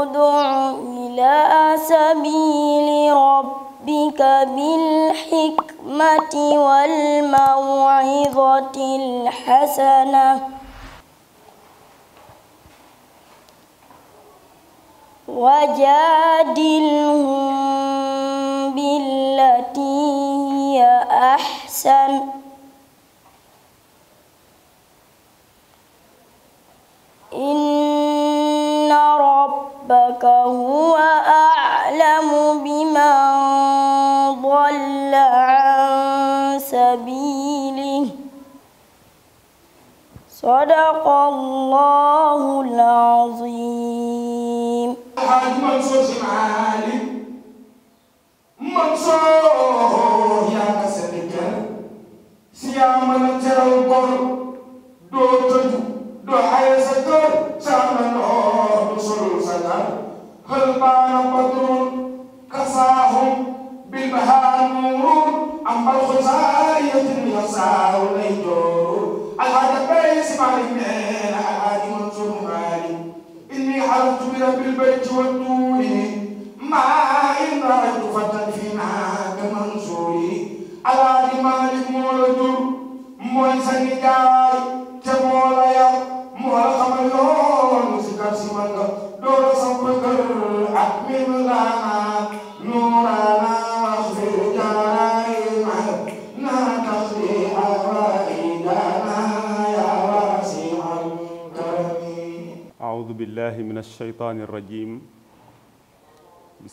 ud'u ila sabili rabbika bil hikmati wal maw'izatil hasanah wajadilhum billati hiya ahsan صدق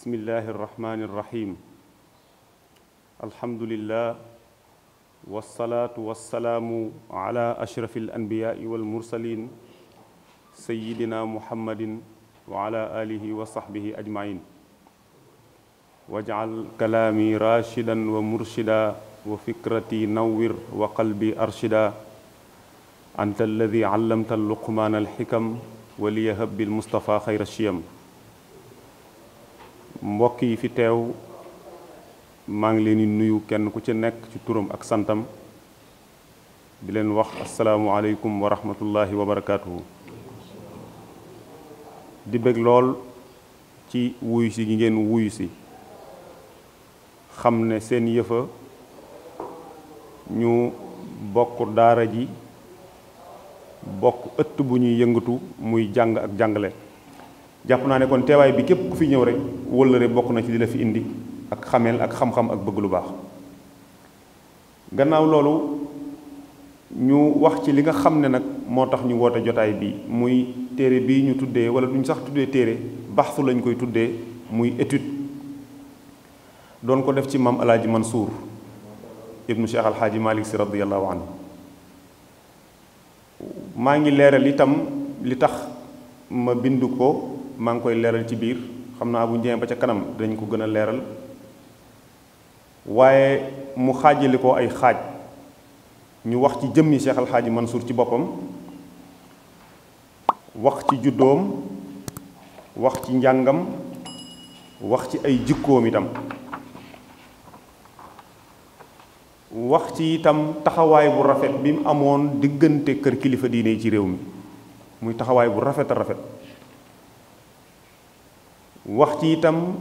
bismillahi irrahmani irrahim alhamdulillah walsalaatu walsalaamu ala ashrafi alanbiyaai walmursalin sayidina muhammadin wa ala alihi wa sahbihi ajmain wajcal kalaami rashidan wa murshida wa fikrati nawwir wa qalbi arshida anta alladi allamta alluqmaana alxikam wa liyahab bilmustafa xayra shiyam mbokk yi fi teew maa ngi leen di nuyu kenn ku ci nekk ci turam ak santam di leen wax asalaamualeykum wa rahmatullahi wa barakaatuhu di bég lool ci wuyu si gi ngeen wuyu si xam ne seen yëfa ñu bokk daara ji bokk ëtt bu ñuy yëngatu muy jàng ak jàngale jàpp naa ne kon teewaay bi képp ku fi ñëw rek wëllëre bokk na ci li la fi indi ak xameel ak xam-xam ak bëgg lu baax gannaaw loolu ñu wax ci li nga xam ne nag moo tax ñu woote jotaay bi muy téere bi ñu tuddee wala duñ sax tuddee téere baxsu lañ koy tuddee muy étude doon ko def ci maam alaaji Mansour ibnu Cheikh alxaaji Malik si radiallahu anhu maa ngi leeral itam li tax ma bind ko maa ngi koy leeral ci biir xam naa bu ñu ba ca kanam dañ ko gën a leeral waaye mu xaajali ko ay xaaj ñu wax ci jëmmi Cheikh Alxaaji Mansour ci boppam wax ci juddoom wax ci njàngam wax ci ay jikkoom itam wax ci itam taxawaay bu rafet bi mu amoon diggante kër kilifa diine yi ci réew mi muy taxawaay bu rafet a rafet wax ci itam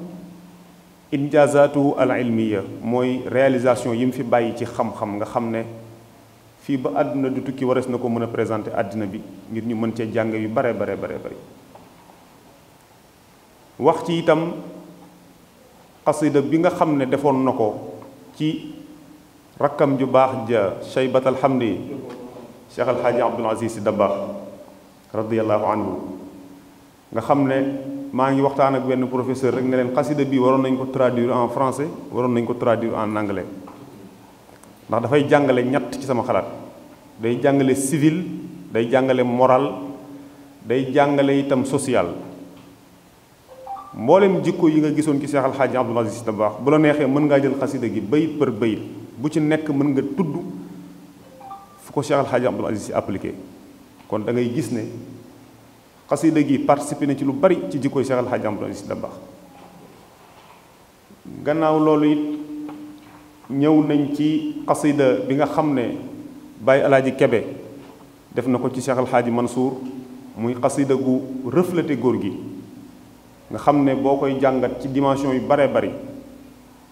injaazaatu al ilmiya mooy réalisation yi mu fi bàyyi ci xam-xam nga xam ne fii ba àdduna du tukki warees na ko mën a présenter àddina bi ngir ñu mën cee jàng yu bare bare bare bare wax ci itam xasida bi nga xam ne defoon na ko ci rakkam ju baax ja shaybat alhamdi cheikh alxaaji abdul aziz si dabaax radiallahu anhu nga xam ne maa ngi waxtaan ak benn professeur rek ne leen xasida bi waroon nañ ko traduire en français waroon nañ ko traduire en anglais ndax dafay jàngale ñett ci sama xalaat day jàngale civil day jàngale moral day jàngale itam social mboolem jikko yi nga gisoon ci Seex al Xaaji Abdul Aziz baax bu la neexee mën ngaa jël xasida gi bay për bayit bu ci nekk mën nga tudd fu ko Seex al Xaaji Abdul Aziz appliqué kon da ngay gis ne xasida gi participé na ci lu bari ci jikkoy Cheikh Al Hadj Abdoul Aziz Dabakh gannaaw loolu it ñëw nañ ci xasida bi nga xam ne Baye Alaaji Kebe def na ko ci Cheikh Al Hadj Mansour muy xasida gu reflété góor gi nga xam ne boo koy jàngat ci dimension yu baree bari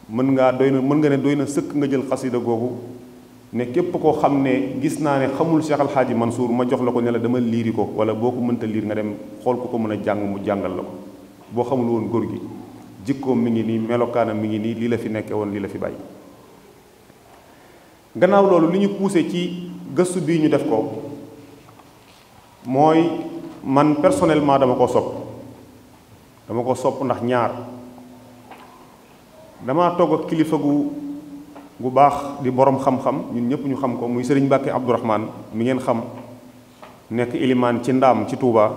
mën ngaa doy na mën nga ne doy na sëkk nga jël xasida googu ne képp koo xam ne gis naa ne xamul Cheikh Al Hadj Mansour ma jox la ko ne la dama liiri ko wala boo ko mënta liir nga dem xool ko ko mën a jàng mu jàngal la ko boo xamul woon góor gi jikkoom mi ngi nii melokaanam mi ngi nii lii la fi nekke woon lii la fi bàyyi. gannaaw loolu li ñu poussé ci gëstu bii ñu def ko mooy man personnellement dama ko sopp dama ko sopp ndax ñaar damaa togg ak bu baax di borom xam-xam ñun ñëpp ñu xam ko muy sëriñ Mbàkke Abdourahman mu ngeen xam nekk ilimaan ci ndaam ci tuubaa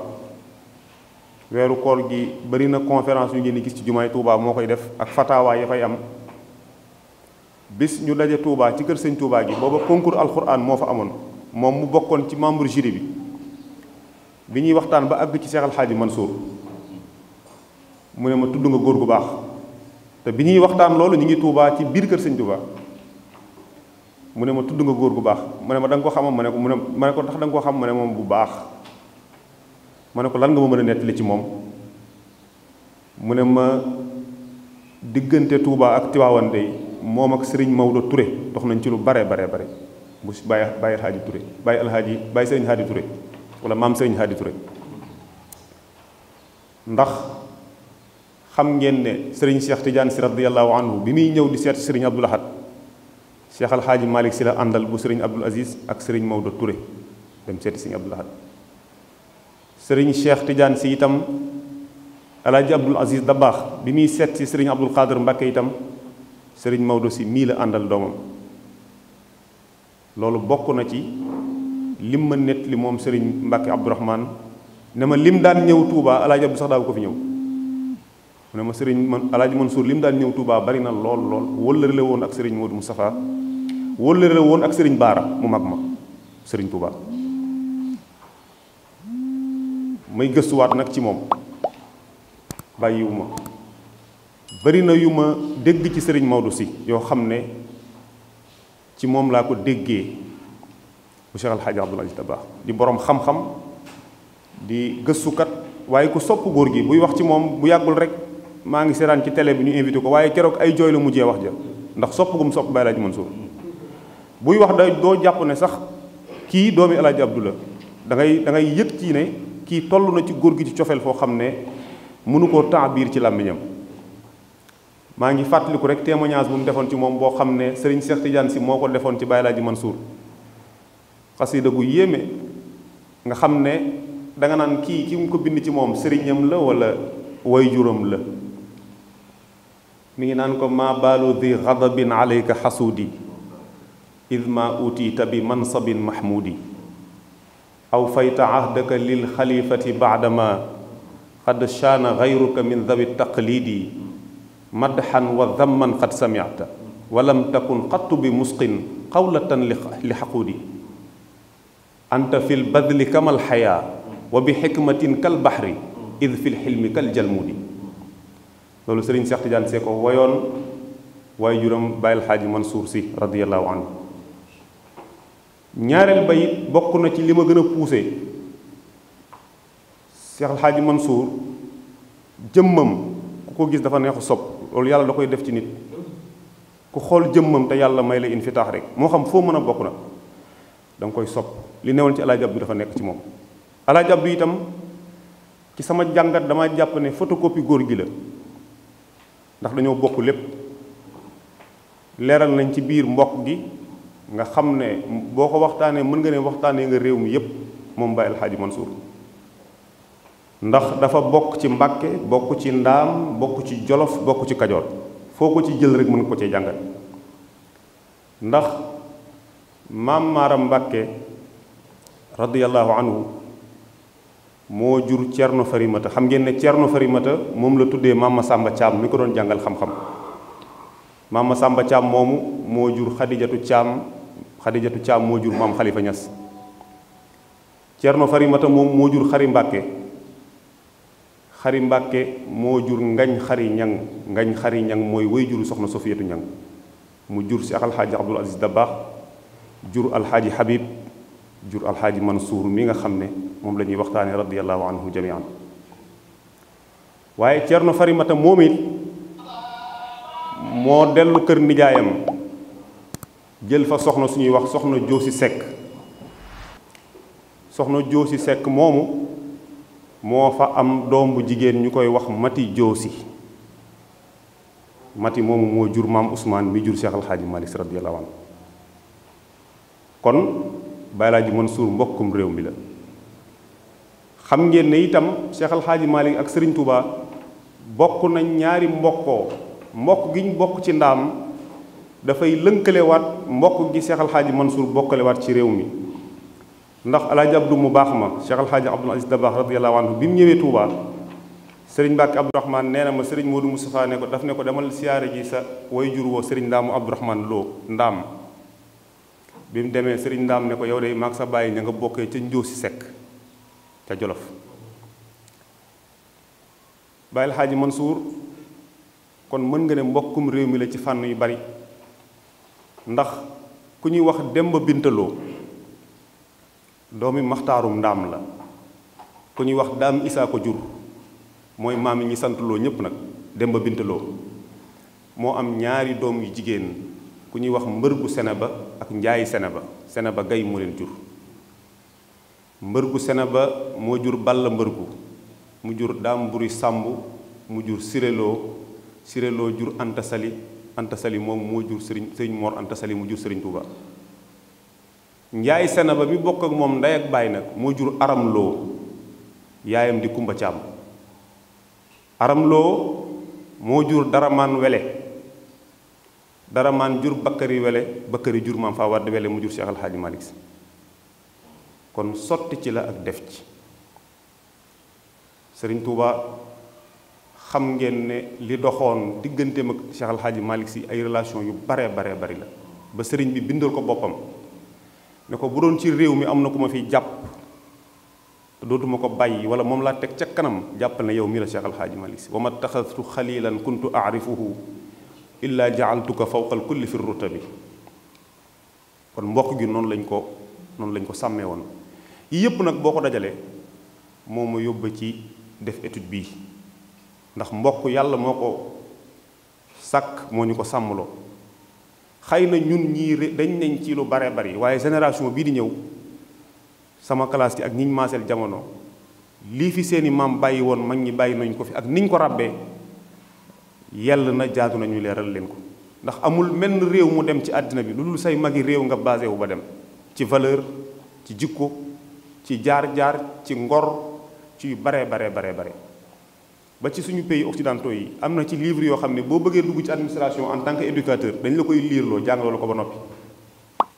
weeru kool gi bari na conférence yu ngeen di gis ci jumaay tuubaa moo koy def ak fataawaay ya fay am bis ñu daje tuubaa ci kër sëñ Touba gi booba concours alxuraan moo fa amoon moom mu bokkoon ci membre jury bi bi ñuy waxtaan ba àgg ci Seex Alxaaji soo mu ne ma tudd nga góor gu baax te bi ñuy waxtaan loolu ñu ngi tuubaa ci biir kër sëñ Touba mu ne ma tudd nga góor gu baax mu ne ma da nga ko xamam ma ne ko mu ne ma ko tax da nga ko xam ne moom bu baax ne ko lan nga ma mën a nettali ci moom mu ne ma diggante Touba ak Tiwaawan dey moom ak Serigne Maodo Touré dox nañ ci lu bare bare bare bu bàyyi bàyyi alxaaji Touré bàyyi alxaaji bàyyi Serigne Haadi Touré wala maam Serigne Haadi ture ndax xam ngeen ne Serigne Cheikh Tidiane si radiyallahu anhu bi muy ñëw di seet Serigne Abdoul Cheikh Al Hadj si la àndal bu seriñ Abdul Aziz ak sëriñ Maodo ture dem seeti sëriñ Abdul Ahad si itam El Hadj Abdul Aziz da baax bi muy seeti si sëriñ Abdul Xaadir Mbàkke itam sëriñ Maodo si mii la àndal doomam loolu bokk na ci lim ma nett li moom sëriñ Mbàkke Abdourahman ne ma lim daan ñëw Touba El Hadj Abdou sax daaw ko fi ñëw. mu ne ma seriñ man alaaji Mansour li mu daan ñëw Touba bari na lool lool wëllëre la woon ak sëriñ Modou Moustapha wóllëre woon ak sëriñ baara mu mag ma sëriñ Touba may gëstuwaat nag ci moom bàyyiwu ma bari na yu ma dégg ci sëriñ Maodo si yoo xam ne ci moom laa ko déggee bu Cheikh Alxaaji Abdul Aziz Dabakh di borom xam-xam di gëstukat waaye ku sopp góor gi buy wax ci moom bu yàggul rek maa ngi seetaan ci tele bi ñu invité ko waaye keroog ay jooy la mujjee wax ja ndax sopp gum sopp Baay Laaji Mansuur buy wax da doo jàpp ne sax kii doomi alaaji abdu la da ngay da ngay yëg ci ne kii toll na ci góor gi ci cofeel foo xam ne mënu koo taabiir ci làmbiñam maa ngi fàttaliku rek témoignage bu mu defoon ci moom boo xam ne sëriñ Cheikh Tidiane si moo ko defoon ci Baye Laaji Mansour xasida gu yéeme nga xam ne danga naan kii ki mu ko bind ci moom sëriñam la wala juróom la mu ngi naan ko maa baalu di xadabin alayka xasuudi id ma utiita bi mansabin mahmudi aw fayta ahdaka lil xalifati baadama qad shaana gayruka min dawi taqlidi madxan wa damman qad samicta wa lam takun qattu bi musqin qawlatan li xaqudi anta fi lbadli kama alxayaa wa bi xikmatin kal baxri id fi lxilmi kal jalmudi loolu sëriñ Seex Tijaan see ko woyoon waaye juróom bàyyil xaaji Mansuur si radiallahu anhu ñaareel ba it bokk na ci li ma gën a puuse Seex man Mansuur jëmmam ku ko gis dafa neexu sob loolu yàlla da koy def ci nit ku xool jëmmam te yàlla may la infitaax rek moo xam foo mën a bokk na da koy sob li newoon ci Alaaji Abdu dafa nekk ci moom Alaaji Abdu itam ci sama jàngat dama jàpp ne photocopie góor gi la ndax dañoo bokk lépp leeral nañ ci biir mbokk gi nga xam ne boo ko waxtaanee mën nga ne waxtaanee nga réew mi yépp moom Baye El Hadji Mansour ndax dafa bokk ci Mbàkke bokk ci Ndaam bokk ci Jolof bokk ci Kajoor foo ko ci jël rek mën ko cee jàngat ndax maam Maaram Mbàkke radiyallahu anhu moo jur Cerno Farimata xam ngeen ne Cerno Farimata moom la tuddee maam Masamba Caam mi ko doon jàngal xam-xam maam Masamba Caam moomu moo jur Xadijatu Caam xadijatu caam moo jur maam xalifa ñas cerno farimata moom moo jur xari mbàkke xari mbàkke moo jur ngañ xari ngañ xari ñang mooy way juru soxna sofiyatu ñang mu jur si ak alxaaji abdul aziz dabaax jur alxaaji habib jur alxaaji mansuur mi nga xam ne moom la ñuy waxtaane radiallahu anhu jamian waaye cerno farimata moom moo dellu kër nijaayam jël fa soxna su ñuy wax soxna Joosi Sekk soxna Joosi Sekk moomu moo fa am doom bu jigéen ñu koy wax Mati Joosi Mati moomu moo jur maam usmaan mi jur Cheikh Al Hadj Malick radiyallahu anhu kon Baye Laaji Mansour mbokkum réew mi la xam ngeen itam Cheikh Al ak sëriñ tubaa bokk nañ ñaari mbokkoo mbokk gi ñu bokk ci ndaam dafay lënkalewaat mbokk gi Cheikh Alxaaji Mansour bokkalewaat ci réew mi ndax alaaji Abdu mu baax ma Cheikh Alxaaji Abdul Aziz Dabaax radiyallaahu anhu bi mu ñëwee Touba sëriñ Mbàkke Abdourahman nee na ma sëriñ Modou Moustapha ne ko daf ne ko demal siyaare ji sa way jur woo sëriñ Ndaamu Abdourahman loo Ndaam bi mu demee sëriñ Ndaam ne ko yow de maag sa bàyyi ña nga bokkee ca njoo si sekk ca Jolof Baay Alxaaji Mansour kon mën nga ne mbokkum réew mi la ci fànn yu bari ndax ku ñuy wax Demba Bintaloo doomi maxtaarum ndaam la ku ñuy wax daam isaa ko jur mooy maam yi ñi santloo ñépp nag Demba Bintaloo moo am ñaari doom yu jigéen ku ñuy wax mbër gu ba ak njaayi Seneba Seneba gay moo leen jur mbër gu sene ba moo jur Balla mbër gu mu jur daam buri sàmb mu jur siréloo siréloo jur antasali Anta Sali moom moo jur sëriñ sëriñ Mor Anta Sali mu jur sëriñ Touba Njaay Senaba mi bokk ak moom ndey ak baay nag moo jur Aram Loo yaayam di Kumba Caam Aram Loo moo jur Daramaan Wele Daramaan jur Bakkari Wele Bakkari jur Maam Faa Wadd Wele mu jur Cheikh Al Hadji Malick kon sotti ci la ak def ci sëriñ Touba xam ngeen ne li doxoon digganteem ak Cheikh Al Hadj Malick ay relation yu baree baree bari la ba sëriñ bi bindool ko boppam ne ko bu doon ci réew mi am na ku ma fi jàpp te dootuma ko bàyyi wala moom laa teg ca kanam jàppale na yow mi la Cheikh Al Hadj Malick Sy wa ma taxastu xalilan kuntu aarifuhu illaa ko fawqal kulli fi rutabi kon mboq gi noonu lañ ko noonu lañ ko sàmmee woon yii yëpp nag boo ko dajalee moo ma yóbba ci def étude bii ndax mbokk yàlla moo ko sàkk moo ñu ko sàmmloo xëy na ñun ñii dañ nañ ci lu bare bari waaye génération bii di ñëw sama classe ci ak ñiñ maaseel jamono lii fi seeni maam bàyyi woon mag ñi bàyyi nañ ko fi ak niñ ko ràbbee yàlla na jaatu nañu leeral leen ko ndax amul menn réew mu dem ci àddina bi lu dul say magi réew nga basé wu ba dem ci valeur ci jikko ci jaar-jaar ci ngor ci yu bare bare bare bare ba ci suñu pays occidentaux yi am na ci livre yoo xam ne boo bëggee dugg ci administration en tant que éducateur dañ la koy liir loo jàngaloo la ko ba noppi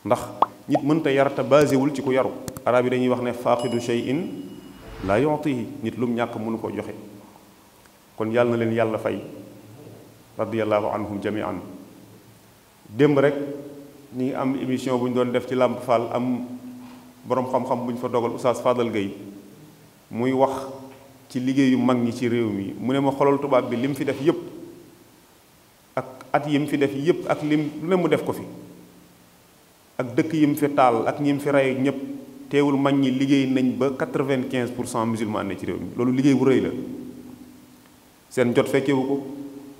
ndax nit mënta yar te basewul ci ku yaru arab yi dañuy wax ne faaqidu shay'in la yu'tihi nit lu mu ñàkk mënu ko joxe kon yàlla na leen yàlla fay radiyallahu anhum jami'an démb rek ñu ngi am émission bu ñu doon def ci làmp Fall am boroom xam-xam bu ñu fa dogal Oustaz Fadal Gueye muy wax ci liggéeyu mag ñi ci réew mi mu ne ma xolal tubaab bi lim fi def yépp ak at yim fi def yépp ak lim ne mu def ko fi ak dëkk yim fi taal ak ñim fi rey ñépp teewul mag ñi liggéey nañ ba quatre-vingt-quinze pour cent musulman ne ci réew mi loolu liggéey bu rëy la seen jot fekkewu ko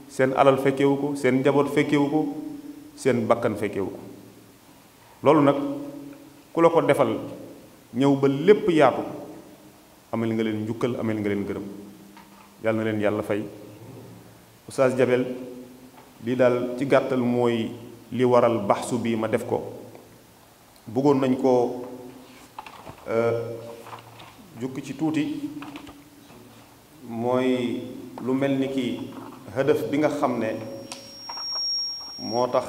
seen alal fekkewu ko seen njaboot fekkewu ko seen bakkan fekkewu ko loolu nag ku la ko defal ñëw ba lépp yaatu amel nga leen njukkal amel nga leen gërëm yàlla na leen yàlla fay Oustaz Jabel lii daal ci gàttal mooy li waral baxsu bi ma def ko bëggoon nañ ko euh, jukki ci tuuti mooy lu mel ni ki hëdëf bi nga xam ne moo tax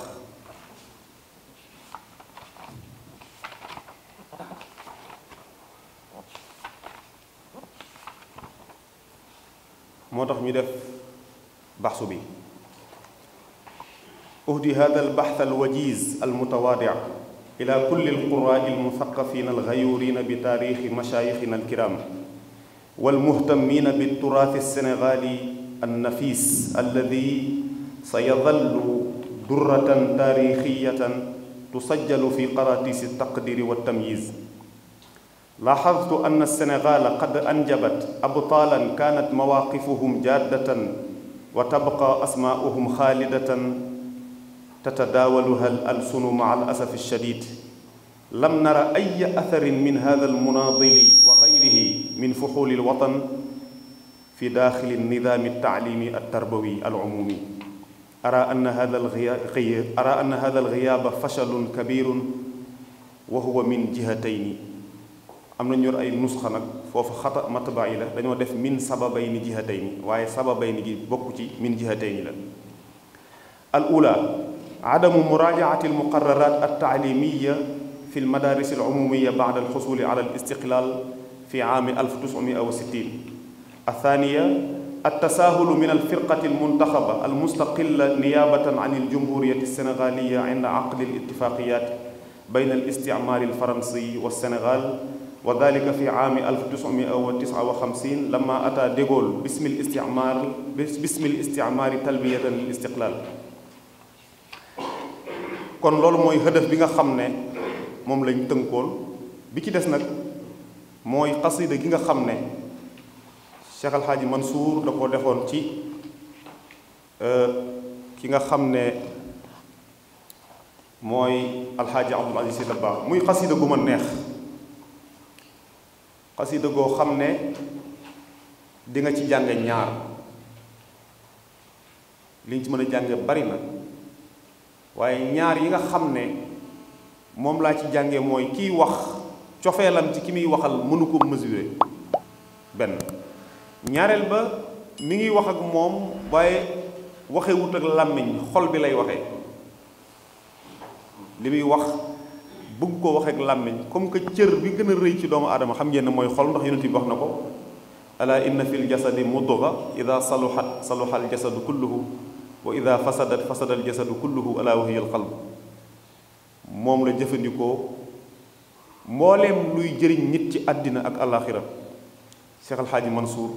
moo tax ñu def baxsu bi uhdi hada albaxth alwajiz almutawaadic ila kulli alquraai almuthaqafina alghayurina bi taarixi mashaayixina alkiram والمهتمين بالتراث السنغالي النفيس الذي سيظل درة تاريخية تسجل في قراتيس التقدير والتمييز لاحظت أن السنغال قد أنجبت أبطالا كانت مواقفهم جادة وتبقى أسماؤهم خالدة تتداولها الألسن مع الأسف الشديد لم نر أي أثر من هذا المناضل وغيره من فحول الوطن في داخل النظام التعليمي التربوي العمومي أرى أن هذا الغياب أرى أن هذا الغياب فشل كبير وهو من جهتين am na ñor ay nusxa nag foofu xata matba yi la dañoo def min sababay ni jihatay ni waaye sababay ni gi bokk ci min jihatay ni la al ula adamu muraajaati al muqararat al taalimiya fi al madaris al umumiya baada al xusuli ala al istiqlal fi aami 1960 athaniya التساهل من الفرقة المنتخبة المستقلة نيابة عن الجمهورية السنغالية عند عقد الاتفاقيات بين الاستعمار الفرنسي والسنغال wa dalika fi aami 1959 lama ata de Gaulle bismil isticmaar bismil isticmaari talbiyatan lil istiqlaal kon loolu mooy hëdëf bi nga xam ne moom lañ tënkoon bi ci des nag mooy xasida gi nga xam ne Cheikh Al Hadji Mansour da ko defoon ci euh, ki nga xam ne mooy Al Hadji Abdoul Aziz Sy muy xasida gu ma neex xasida goo xam ne di ci jànge ñaar li ñu ci mën a jànge bari na waaye ñaar yi nga xam ne moom laa ci jànge mooy kiy wax cofeelam ci ki muy waxal mënu ko mesurer benn ñaareel ba mi ngi wax ak moom waaye waxewut ak làmmiñ xol bi lay waxee li muy wax bëgg koo wax ak làmmiñ comme que cër bi gën a rëy ci doomu aadama xam ngeen ne mooy xol ndax yonent bi wax na ko ala inna fi ljasadi mudga ida saluxat saluxa aljasadu kulluhu wa ida fasadat fasada aljasadu kulluhu ala moom la jëfandikoo mbooleem luy jëriñ nit ci àddina ak alaxira Cheikh Alxaaji Mansour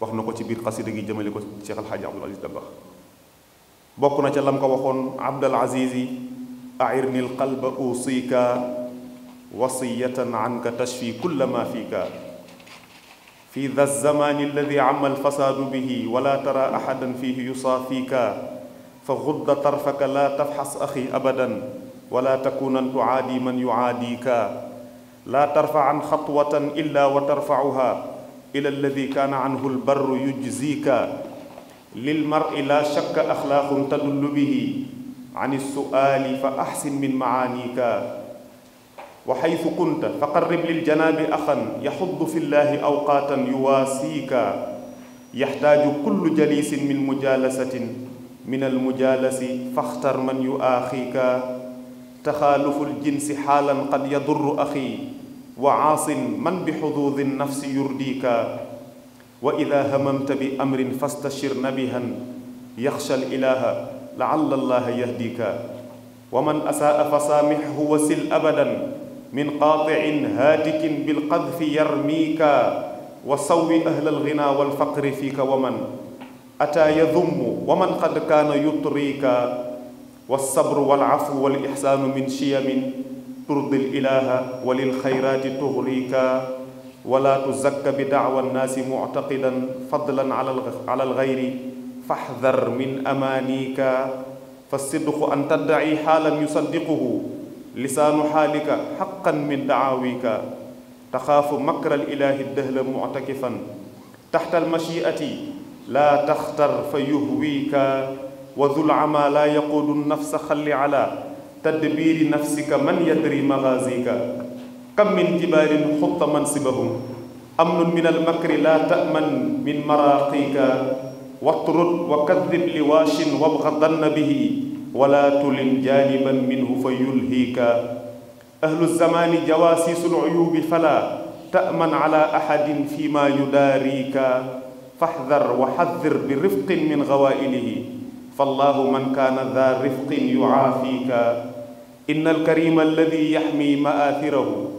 wax na ko ci biir xasida gi jëmale ko Cheikh Alxaaji Abdul Aziz Dabakh bokk na ca lam ko waxoon Abdul Aziz airni alqalba usika wasiyatan anka tashfi kulla ma fika fi dha zamani alladi amma alfasadu bihi wala tara ahadan fihi yusafika fa gudda tarfaka la tafxas axi abadan wala takunan tuaadi man yuaadika la tarfacan xatwatan illa wa tarfacuha ila alladi kaana anhu albarru yujzika lilmari la shakka axlaaqun tadullu bihi an ilsuali fa axsin min maaanika wa xaytu kunta fa qarib liljanabi axan yaxudu fi llahi awqaatan yuwaasiika yaxtaaju kullu jalisin min mujaalasatin min almujaalasi faxtar man yuaaxiika taxaalufu ljinsi xaalan qad yadurru axi wa aasin man bi xuduudi nafsi yurdiika wa ida hamamta bi amrin fastashir nabihan yaxsha alilaha laalla allaha yahdika wa man asaa fa saamixhu wa sil abadan min qaaticin haatikin bilqadfi yarmiika wa sawwi ahla alghina walfaqri fiika wa man ataa yadummu wa man qad kaana yutriika walsabru walcafu walixsaanu min shiyamin turdi lilaha wa lilxayraati tuhriika wala tuzakka bidacwa annaasi muctaqidan fadlan ala alxayri fahdar min amanika fa sidqu an taddai xaalan yusaddiquhu lisaanu xaalika xaqan min daawika taxaafu makra alilahi dëhla muctakifan taxta almachiati laa taxtar fa yuhwiika wa zulama laa yaquudu nafsa xalli ala tadbiiri nafsika man yadri magaazika kam min jibaarin xutta mansibahum amnun min almakri laa taman min maraaqiika watrut wa kadib li waashin wabxadanna bihi wala tulin jaaniban minhu fa yulhiika ahlu zamaani jawaasiisul uyuubi fala ta'man ala ahadin fi ma yudaariika faxdar wa xadir bi rifqin min gawaa'ilihi fallaahu man kaana daa rifqin yucaafiika inna alkarima alladi yaxmi ma'athirahu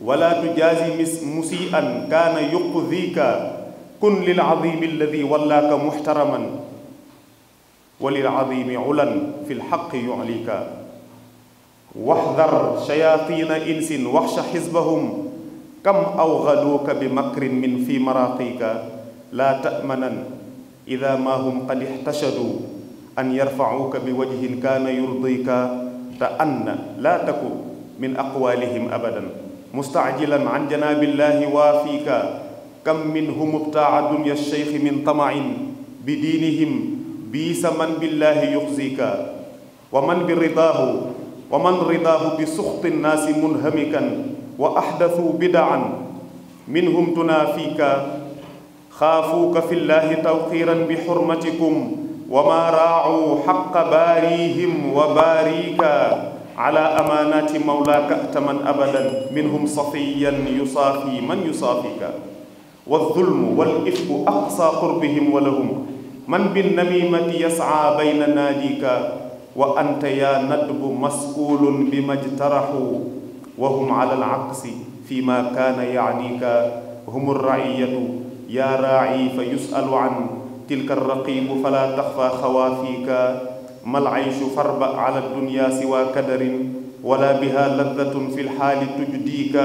wala tujaazi mis musii'an kaana yuqdiika kun lil azimi alladi wallaaka muxtaraman wa lil azimi ulan fi lxaqi yulika waxdar shayatina insin waxsha xisbahum kam awgaluuka bi makrin min fi maraqika laa tamanan ida ma hum qad ixtashadu an yarfacuuka bi wajhin kaana yurdika te anna laa taku min aqwalihim abadan mustaajilan an janaabillahi waafiika kam minhum ubtaa dunya sheykhi min tamain bi diinihim biisa man billaahi yuxzika wa man bi ridaahu wa man ridaahu bi suxti nnaasi munhamikan wa axdasu bidaan minhum tunaafiika xaafuuka fi llaahi tawqiiran bi xurmatikum wa maa raacuu xaqa baariihim wa baariika ala amaanaati mawlaaka ataman abadan minhum safiyan yusaafi man yusaafika والظلم والإفك أقصى قربهم ولهم من بالنميمة يسعى بين ناديك وأنت يا ندب مسؤول بما اجترحوا وهم على العكس فيما كان يعنيك هم الرعية يا راعي فيسأل عن تلك الرقيب فلا تخفى خوافيك ما العيش فاربأ على الدنيا سوى كدر ولا بها لذة في الحال تجديك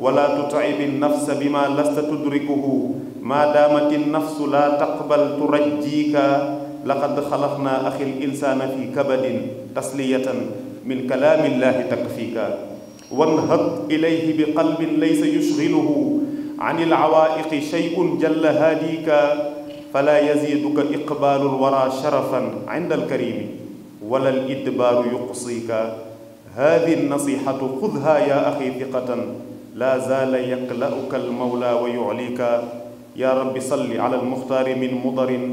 wala tutcibi nnafsa bima lasta tudrikuhu ma daamati nnafsu laa taqbal turajjiika laqad xalaqnaa axil insaana fi kabadin tasliyatan min kalaami llahi takfiika wanhad ilayhi bi qalbin laysa yushghiluhu an ilcawaa'iqi shay'un jalla haadiika falaa yaziiduka iqbaalu lwara sharafan cinda alkarimi wala lidbaaru yuqsiika haadi nnasixatu xudhaa yaa axi thiqatan laa zaala yaqla'uka almawla wa yu'lika yaa rabbi salli ala almuxtaari min mudarin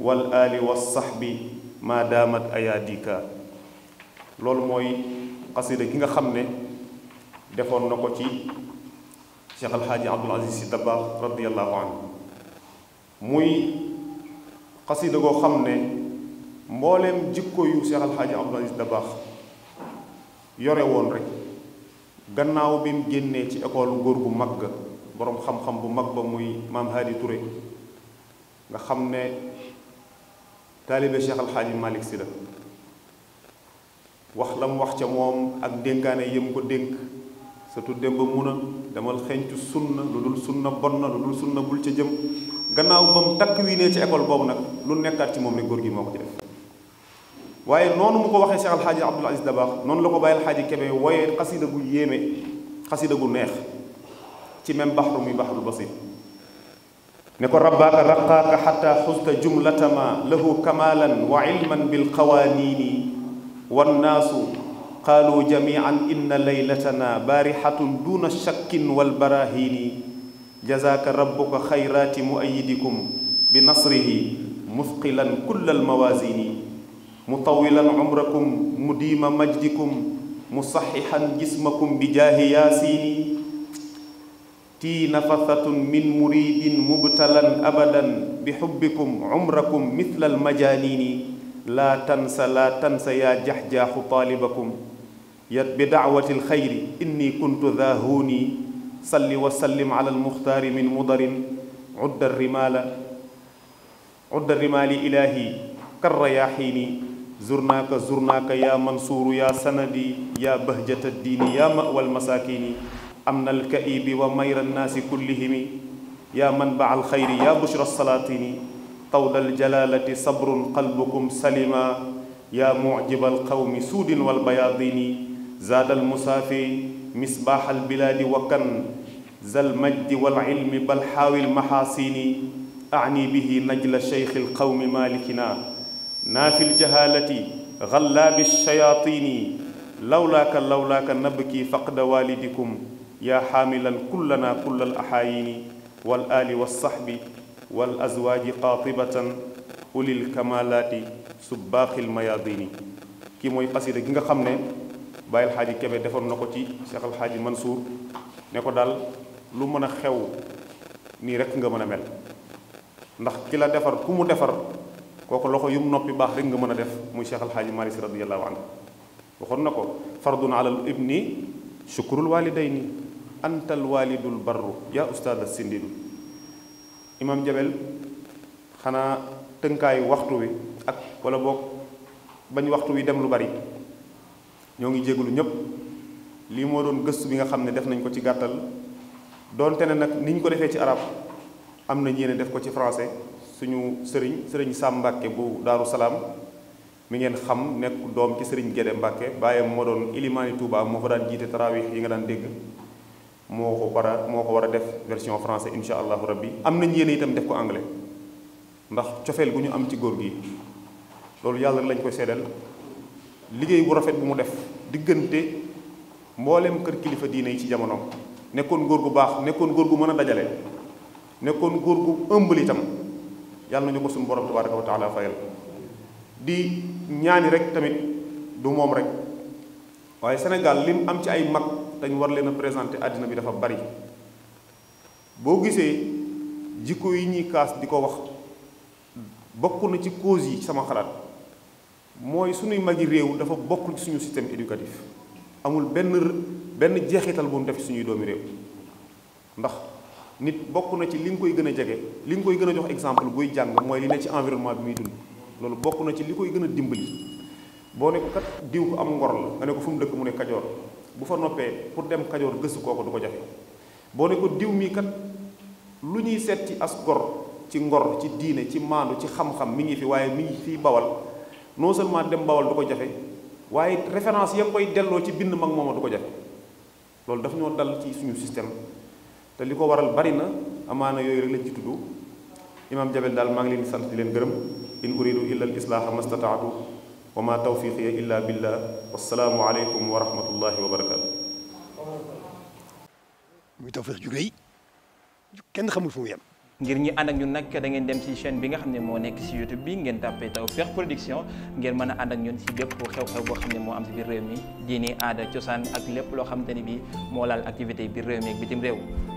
wal aali wa saxbi maa daamat ayaadika loolu mooy xasida gi nga xam ne defoon na ko ci cheikh alxaaji abdul aziz si dabaax radiallahu anhu muy xasida goo xam ne mbooleem jikko yu cheikh alxaaji abdul aziz dabaax yore woon rek gannaaw bi mu génnee ci école góor gu mag ga boroom xam-xam bu mag ba muy maam Hadi Touré nga xam ne taalibe Cheikh Al Hadji Malick Sy wax la mu wax ca moom ak dénkaane yëm ko dénk surtout démb mun a demal xeñtu sunna lu dul sunna bon na lu dul sunna bul ca jëm gannaaw ba mu takk wii ne ci ecole boobu nag lu nekkaat ci moom ne góor gi moo ko ci waaye noonu mu ko waxee Cheikh Alxaaji Abdul Aziz Dabaax noonu la ko bàyyi Alxaaji Kebe wooyee xasida gu yéeme xasida gu neex ci même baxru muy baxrul basit ne ko rabbaaka raqaaka xata xusta jumlatama lahu kamalan wa ilman bilqawaaniini wannaasu qaalu jamian inna laylatana baarixatun duuna shakkin walbarahiini jazaaka rabbuka xayraati muayidikum bi nasrihi musqilan kulla almawaasini mutawilan umrakum mudiima majdikum musaxihan jismakum bi jaahi yaasiini tii nafathatun min muridin mubtalan abadan bi xubbikum umrakum mithla almajaaniini laa tansa laa tansa yaa jaxjaaxu taalibakum yat bi daawati alxayri inni kuntu daa huuni salli wa sallim ala almuxtaari min mudarin udda rimaala udda rimaali ilaahi karrayaxiini zurnaaka zurnaaka yaa mansuuru yaa sanadi yaa bahjata diini yaa mawal masaakini am na alkaibi wa mayra annaasi kullihimi yaa manbaa alxayri yaa bushra salaatini tawda aljalaalati sabrun qalbukum salima yaa mujiba alqawmi suudin walbayaadini zaada almusaafi misbaax albilaadi wa kan zal majdi walilmi bal xaawi almaxaasini ani bihi najla cheikh alqawmi malikina naa naafil jahalati xallaabi shayatini lawlaaka lawlaaka nabki faqda walidikum yaa xaamilan kullana kulla al axaayini wal aali walsaxbi wal azwaaji qaatibatan ulil kamalaati subbaaxil mayaadini kii mooy xasida ki nga xam ne bàyyil xaaji kebe defoon na ko ci Cheikh Al Xaaji Mansour ne ko daal lu mën a xew nii rekk nga mën a mel ndax ki la defar ku mu defar kooku loxo yum noppi baax rek nga mën a def muy Cheikh Alxaaji Maalik Si radiyallahu anhu waxoon na ko fardun alal ibni shukrul walidayni antal walidul barru yaa ustaada sindidu imam jabel xanaa tënkaayu waxtu wi ak wala boog bañ waxtu wi dem lu bari ñoo ngi jégalu ñépp lii moo doon gëstu bi nga xam ne def nañ ko ci gàttal doonte ne nag niñ ko defee ci arab am na ñeneen def ko ci français suñu sëriñ sëriñ Sam Mbàkke bu Daaru Salaam mu ngeen xam nekk doom ci sëriñ Gédé Mbàkke baayam moo doon ilimaani Touba moo fa daan jiite tarawih yi nga daan dégg moo ko war a moo ko war a def version français insha allahu rabbi am na nañ yéen itam def ko anglais ndax cofeel bu ñu am ci góor gi loolu yàlla lañ koy seddal liggéey bu rafet bu mu def diggante mboolem kër kilifa diine yi ci jamono nekkoon góor gu baax nekkoon góor gu mën a dajale nekkoon góor gu ëmbal itam yàlla nañu ko suñu borom tabaraka wa taala fayal di ñaani rek tamit du moom rek waaye Sénégal lim am ci ay mag dañ war leen a présenté àddina bi dafa bari boo gisee jikko yi ñuy kaas di ko wax bokk na ci cause yi sama xalaat mooy suñuy magi réew dafa bokk ci suñu système éducatif amul benn benn jeexital bu def suñuy doomi réew ndax nit bokk na ci li nga koy gën a jege li nga koy gën a jox exemple buy jàng mooy li ne ci environnement bi muy dund loolu bokk na ci li koy gën a dimbali boo ne kat diw ko am ngor la nga ne ko fu mu dëkk mu ne kajoor bu fa noppee pour dem kajoor gëstu kooku du ko jafe boo ne ko diw mii kat lu ñuy seet ci as gor ci ngor ci diine ci maandu ci xam-xam mi ngi fi waaye mi ngi fii bawal non seulement dem bawal du ko jafe waaye référence ya nga koy delloo ci bind mag mooma du ko jafe loolu daf ñoo dal ci suñu système te li ko waral bari na amaana yooyu rek lañ ci tudd imaam jabel daal maa ngi leen di sant di leen gërëm in uridu illa al islaaha mastataatu wa ma tawfiqiya illa billah wassalaamu aleykum wa rahmatullahi wa barakaatu muy tawfiq ju rëy kenn xamul fu mu yem ngir ñi ànd ak ñun nag da ngeen dem ci chaîne bi nga xam ne moo nekk ci YouTube bii ngeen tàppee Tawfekh Production ngeen mën a ànd ak ñun ci bépp xew-xew boo xam ne moo am ci biir réew mi diini aada cosaan ak lépp loo xamante ni bi moo laal activité biir réew mi ak bitim réew